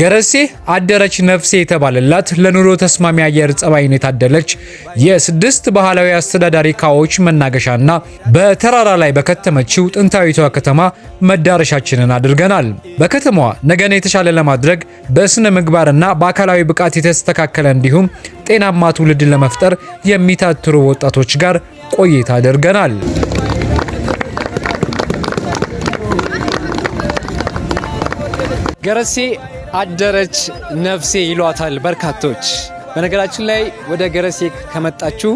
ገረሴ አደረች ነፍሴ የተባለላት ለኑሮ ተስማሚ አየር ጸባይን የታደለች የስድስት ባህላዊ አስተዳዳሪ ካዎች መናገሻና በተራራ ላይ በከተመችው ጥንታዊቷ ከተማ መዳረሻችንን አድርገናል። በከተማዋ ነገን የተሻለ ለማድረግ በስነ ምግባርና በአካላዊ ብቃት የተስተካከለ እንዲሁም ጤናማ ትውልድን ለመፍጠር የሚታትሩ ወጣቶች ጋር ቆይታ አድርገናል። ገረሴ አደረች ነፍሴ ይሏታል በርካቶች። በነገራችን ላይ ወደ ገረሴ ከመጣችሁ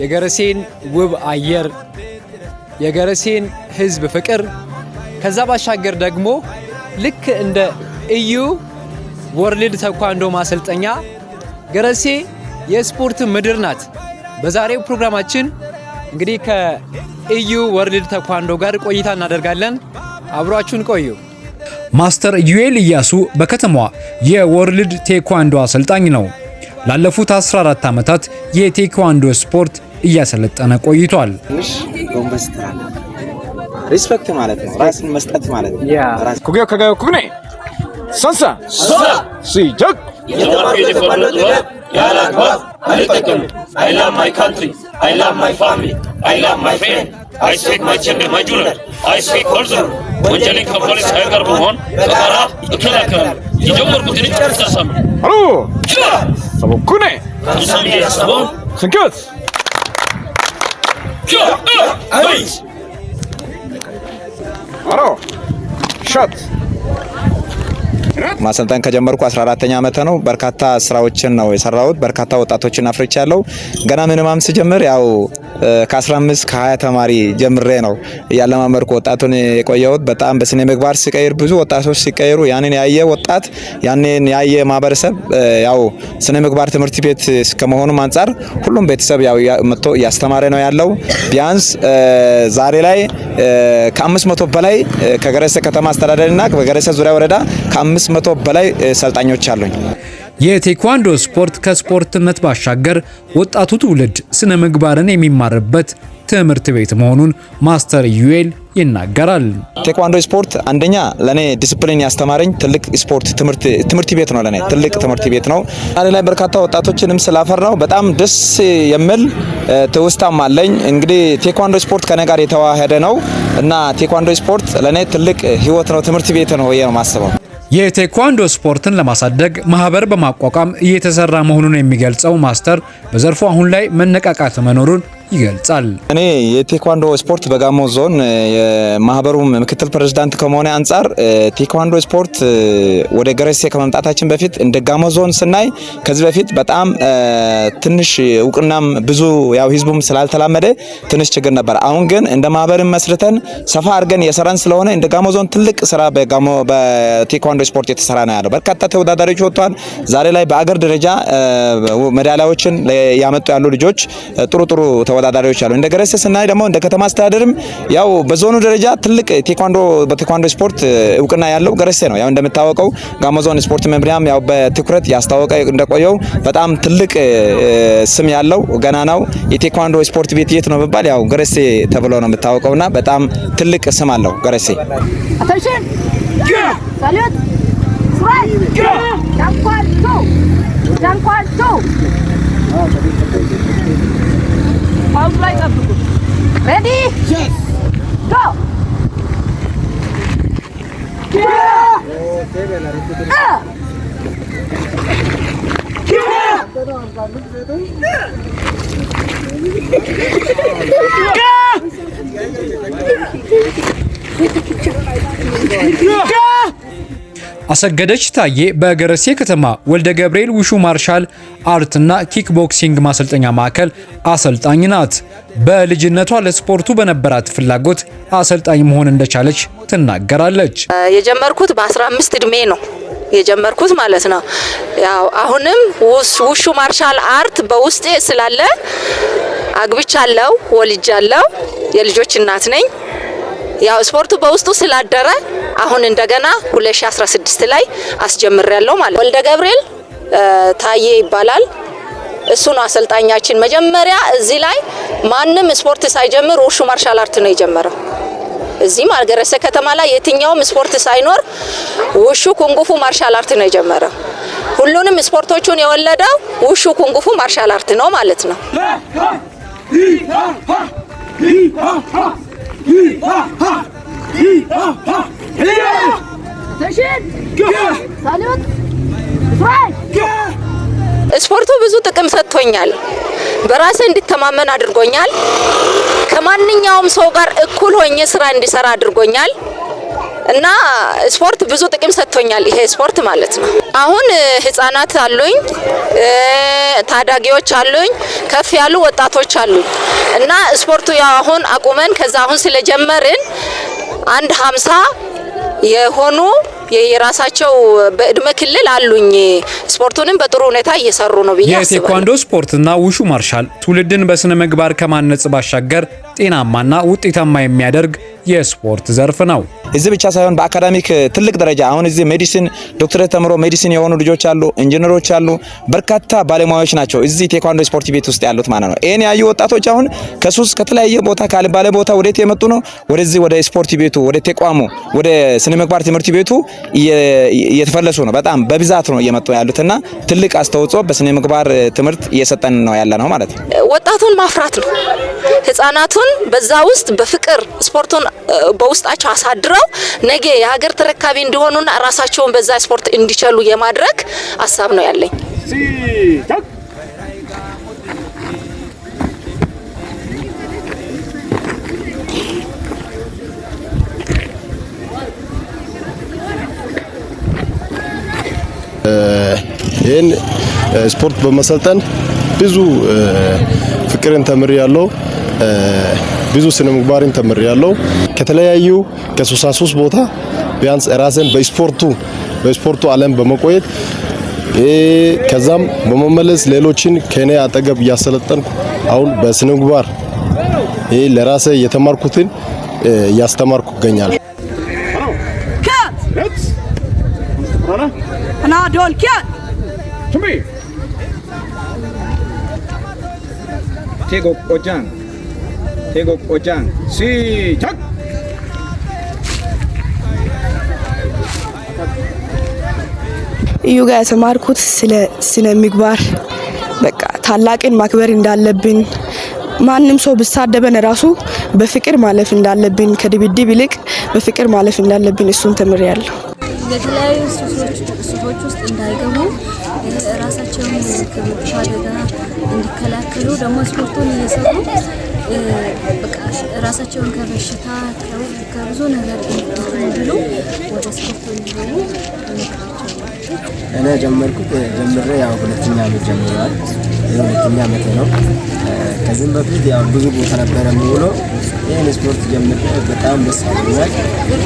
የገረሴን ውብ አየር፣ የገረሴን ህዝብ ፍቅር፣ ከዛ ባሻገር ደግሞ ልክ እንደ እዩ ወርልድ ተኳንዶ ማሰልጠኛ ገረሴ የስፖርት ምድር ናት። በዛሬው ፕሮግራማችን እንግዲህ ከእዩ ወርልድ ተኳንዶ ጋር ቆይታ እናደርጋለን። አብሯችሁን ቆዩ። ማስተር ዩኤል እያሱ በከተማዋ የወርልድ ቴኳንዶ አሰልጣኝ ነው። ላለፉት 14 ዓመታት የቴኳንዶ ስፖርት እያሰለጠነ ቆይቷል። ሪስፔክት ማለት ነው፣ ራስን መስጠት ማለት ነው። ፍሬንድ I speak my children, my junior. I speak ከፖሊስ ኃይል ጋር በመሆን ይከላከላል። የጀመርኩትን ጨርሳሳም አሎ ሰቦኩኔ ሳሚ ሰቦን ስንክት አሮ ሸት ማሰልጠን ከጀመርኩ 14ኛ ዓመት ነው። በርካታ ስራዎችን ነው የሰራሁት። በርካታ ወጣቶችን አፍርቻለሁ። ገና ምንም አምስ ጀምር ያው ከ15 ከ20 ተማሪ ጀምሬ ነው እያለማመድኩ ወጣቱን የቆየሁት። በጣም በስነ ምግባር ሲቀይር ብዙ ወጣቶች ሲቀይሩ ያንን ያየ ወጣት ያንን ያየ ማህበረሰብ ያው ስነ ምግባር ትምህርት ቤት ከመሆኑም አንጻር ሁሉም ቤተሰብ ያው መጥቶ እያስተማረ ነው ያለው። ቢያንስ ዛሬ ላይ ከአምስት መቶ በላይ ከገረሰ ከተማ አስተዳደርና በገረሰ ዙሪያ ወረዳ ከአምስት መቶ በላይ ሰልጣኞች አሉኝ። የቴኳንዶ ስፖርት ከስፖርትነት ባሻገር ወጣቱ ትውልድ ስነ ምግባርን የሚማርበት ትምህርት ቤት መሆኑን ማስተር ዩኤል ይናገራል። ቴኳንዶ ስፖርት አንደኛ ለኔ ዲስፕሊን ያስተማረኝ ትልቅ ስፖርት ትምህርት ቤት ነው። ለኔ ትልቅ ትምህርት ቤት ነው። ዛሬ ላይ በርካታ ወጣቶችንም ስላፈራው በጣም ደስ የሚል ትውስታም አለኝ። እንግዲህ ቴኳንዶ ስፖርት ከኔ ጋር የተዋሃደ ነው እና ቴኳንዶ ስፖርት ለኔ ትልቅ ህይወት ነው፣ ትምህርት ቤት ነው ነው የማስበው የቴኳንዶ ስፖርትን ለማሳደግ ማህበር በማቋቋም እየተሰራ መሆኑን የሚገልጸው ማስተር በዘርፉ አሁን ላይ መነቃቃት መኖሩን ይገልጻል። እኔ የቴኳንዶ ስፖርት በጋሞ ዞን የማህበሩ ምክትል ፕሬዚዳንት ከመሆነ አንጻር ቴኳንዶ ስፖርት ወደ ገረሴ ከመምጣታችን በፊት እንደ ጋሞ ዞን ስናይ ከዚህ በፊት በጣም ትንሽ እውቅናም ብዙ ያው ህዝቡም ስላልተላመደ ትንሽ ችግር ነበር። አሁን ግን እንደ ማህበርን መስርተን ሰፋ አድርገን የሰራን ስለሆነ እንደ ጋሞ ዞን ትልቅ ስራ በጋሞ በቴኳንዶ ስፖርት የተሰራ ነው ያለው። በርካታ ተወዳዳሪዎች ወጥቷል። ዛሬ ላይ በአገር ደረጃ ሜዳሊያዎችን ያመጡ ያሉ ልጆች ጥሩ ጥሩ ተወዳዳሪዎች አሉ። እንደ ገረሴ ስናይ ደግሞ እንደ ከተማ አስተዳደርም ያው በዞኑ ደረጃ ትልቅ ቴኳንዶ በቴኳንዶ ስፖርት እውቅና ያለው ገረሴ ነው። ያው እንደምታወቀው ጋሞ ዞን ስፖርት መምሪያም ያው በትኩረት ያስታወቀ እንደቆየው በጣም ትልቅ ስም ያለው ገና ነው የቴኳንዶ ስፖርት ቤት የት ነው በባል ያው ገረሴ ተብሎ ነው የምታወቀውና በጣም ትልቅ ስም አለው ገረሴ። Ready? Yes. Go. Yeah. Uh. Yeah. Yeah. Yeah. Yeah. Yeah. አሰገደች ታዬ በገረሴ ከተማ ወልደ ገብርኤል ውሹ ማርሻል አርትና ኪክቦክሲንግ ማሰልጠኛ ማዕከል አሰልጣኝ ናት። በልጅነቷ ለስፖርቱ በነበራት ፍላጎት አሰልጣኝ መሆን እንደቻለች ትናገራለች። የጀመርኩት በ15 እድሜ ነው የጀመርኩት ማለት ነው። ያው አሁንም ውሹ ማርሻል አርት በውስጤ ስላለ አግብቻለሁ፣ ወልጃለሁ፣ የልጆች እናት ነኝ። ያው ስፖርቱ በውስጡ ስላደረ አሁን እንደገና 2016 ላይ አስጀምር ያለው ማለት ወልደ ገብርኤል ታዬ ይባላል። እሱ ነው አሰልጣኛችን። መጀመሪያ እዚህ ላይ ማንም ስፖርት ሳይጀምር ውሹ ማርሻል አርት ነው የጀመረው። እዚህ ሀገረሰብ ከተማ ላይ የትኛውም ስፖርት ሳይኖር ውሹ ኩንጉፉ ማርሻል አርት ነው የጀመረው። ሁሉንም ስፖርቶቹን የወለደው ውሹ ኩንጉፉ ማርሻል አርት ነው ማለት ነው። ስፖርቱ ብዙ ጥቅም ሰጥቶኛል። በራሴ እንድተማመን አድርጎኛል። ከማንኛውም ሰው ጋር እኩል ሆኜ ስራ እንዲሰራ አድርጎኛል። እና ስፖርት ብዙ ጥቅም ሰጥቶኛል። ይሄ ስፖርት ማለት ነው። አሁን ህጻናት አሉኝ፣ ታዳጊዎች አሉኝ፣ ከፍ ያሉ ወጣቶች አሉኝ እና ስፖርቱ ያው አሁን አቁመን ከዛ አሁን ስለጀመርን አንድ ሀምሳ የሆኑ የራሳቸው በእድሜ ክልል አሉኝ። ስፖርቱንም በጥሩ ሁኔታ እየሰሩ ነው ብዬ አስባለሁ። የቴኳንዶ ስፖርትና ውሹ ማርሻል ትውልድን በስነ ምግባር ከማነጽ ባሻገር ጤናማና ውጤታማ የሚያደርግ የስፖርት ዘርፍ ነው። እዚህ ብቻ ሳይሆን በአካዳሚክ ትልቅ ደረጃ አሁን እዚህ ሜዲሲን ዶክተሬት ተምሮ ሜዲሲን የሆኑ ልጆች አሉ፣ ኢንጂነሮች አሉ፣ በርካታ ባለሙያዎች ናቸው እዚህ ቴኳንዶ ስፖርት ቤት ውስጥ ያሉት ማለት ነው። ይህን ያዩ ወጣቶች አሁን ከሱስ ከተለያየ ቦታ ባለ ቦታ ወዴት የመጡ ነው? ወደዚህ ወደ ስፖርት ቤቱ ወደ ተቋሙ ወደ ስነ ምግባር ትምህርት ቤቱ እየተፈለሱ ነው። በጣም በብዛት ነው እየመጡ ያሉትና ትልቅ አስተዋጽኦ በስነ ምግባር ትምህርት እየሰጠን ነው ያለ ነው ማለት ነው። ወጣቱን ማፍራት ነው። ህጻናቱን በዛ ውስጥ በፍቅር ስፖርቱን በውስጣቸው አሳድረው የምንሰራው ነገ የሀገር ተረካቢ እንዲሆኑና ራሳቸውን በዛ ስፖርት እንዲችሉ የማድረግ ሀሳብ ነው ያለኝ። ይህን ስፖርት በመሰልጠን ብዙ ፍቅርን ተምር ያለው ብዙ ስነ ምግባርን ተምር ያለው ከተለያዩ ከ63 ቦታ ቢያንስ ራስን በስፖርቱ በስፖርቱ ዓለም በመቆየት ከዛም በመመለስ ሌሎችን ከኔ አጠገብ እያሰለጠንኩ አሁን በስነ ምግባር ለራሴ የተማርኩትን እያስተማርኩ ይገኛል። ቴጎ ቆጃን ቴጎ ቆጃን ሲቻክ እዩ ጋር የተማርኩት ስለ ስነ ምግባር በቃ ታላቅን ማክበር እንዳለብን ማንም ሰው ብሳደበን ራሱ በፍቅር ማለፍ እንዳለብን ከድብድብ ይልቅ በፍቅር ማለፍ እንዳለብን እሱን ተምሬያለሁ። የተለያዩ ሱሶች ውስጥ እንዳይገቡ ራሳቸውን ከመጥፎ አደጋ እንዲከላከሉ ደግሞ ስፖርቱን እየሰሩ ራሳቸውን ከበሽታ ከብዙ ነገር ብሎ ወደ ስፖርት እንዲሆኑ እኔ ጀመርኩት ጀምሬ ያው ሁለተኛ ዓመት ጀምሯል። ሁለተኛ ዓመት ነው። ከዚህም በፊት ያው ብዙ ቦታ ነበረ የሚውለው ይህን ስፖርት ጀምሬ በጣም ደስ ብሎኛል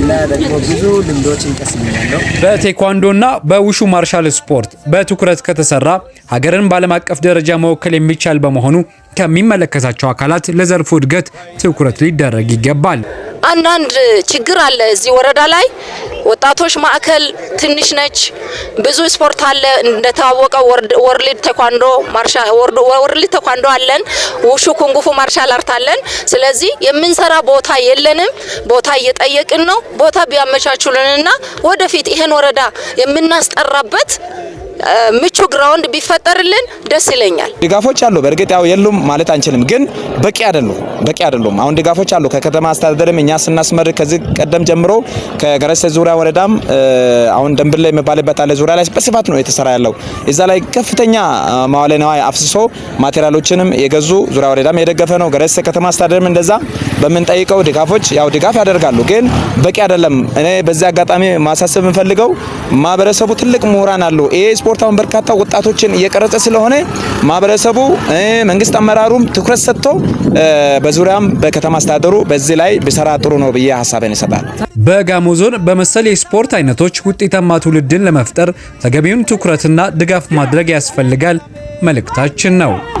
እና ደግሞ ብዙ ልምዶች ልምዶችን በቴኳንዶ በቴኳንዶና በውሹ ማርሻል ስፖርት በትኩረት ከተሰራ ሀገርን በዓለም አቀፍ ደረጃ መወከል የሚቻል በመሆኑ ከሚመለከታቸው አካላት ለዘርፉ እድገት ትኩረት ሊደረግ ይገባል። አንዳንድ ችግር አለ እዚህ ወረዳ ላይ ወጣቶች ማዕከል ትንሽ ነች። ብዙ ስፖርት አለ እንደተዋወቀ ወርልድ ተኳንዶ ወርልድ ተኳንዶ አለን፣ ውሹ ኩንጉፉ ማርሻል አርት አለን። ስለዚህ የምንሰራ ቦታ የለንም። ቦታ እየጠየቅን ነው። ቦታ ቢያመቻቹልንና ወደፊት ይህን ወረዳ የምናስጠራበት ምቹ ግራውንድ ቢፈጠርልን ደስ ይለኛል። ድጋፎች አሉ። በእርግጥ ያው የሉም ማለት አንችልም፣ ግን በቂ አይደሉም፣ በቂ አይደሉም። አሁን ድጋፎች አሉ ከከተማ አስተዳደርም እኛ ስናስመርቅ ከዚህ ቀደም ጀምሮ ከገረሰ ዙሪያ ወረዳም አሁን ደንብላ የሚባልበት አለ ዙሪያ ላይ በስፋት ነው የተሰራ ያለው። እዛ ላይ ከፍተኛ መዋለ ንዋይ አፍስሶ ማቴሪያሎችንም የገዙ ዙሪያ ወረዳም የደገፈ ነው። ገረሰ ከተማ አስተዳደርም እንደዛ በምንጠይቀው ድጋፎች ያው ድጋፍ ያደርጋሉ፣ ግን በቂ አይደለም። እኔ በዚህ አጋጣሚ ማሳሰብ የምፈልገው ማህበረሰቡ ትልቅ ምሁራን አሉ። ይሄ ስፖርት አሁን በርካታ ወጣቶችን እየቀረጸ ስለሆነ ማህበረሰቡ፣ መንግስት አመራሩም ትኩረት ሰጥቶ በዙሪያም በከተማ አስተዳደሩ በዚህ ላይ ብሰራ ጥሩ ነው ብዬ ሀሳብን ይሰጣል። በጋሞ ዞን በመሰል የስፖርት አይነቶች ውጤታማ ትውልድን ለመፍጠር ተገቢውን ትኩረትና ድጋፍ ማድረግ ያስፈልጋል መልእክታችን ነው።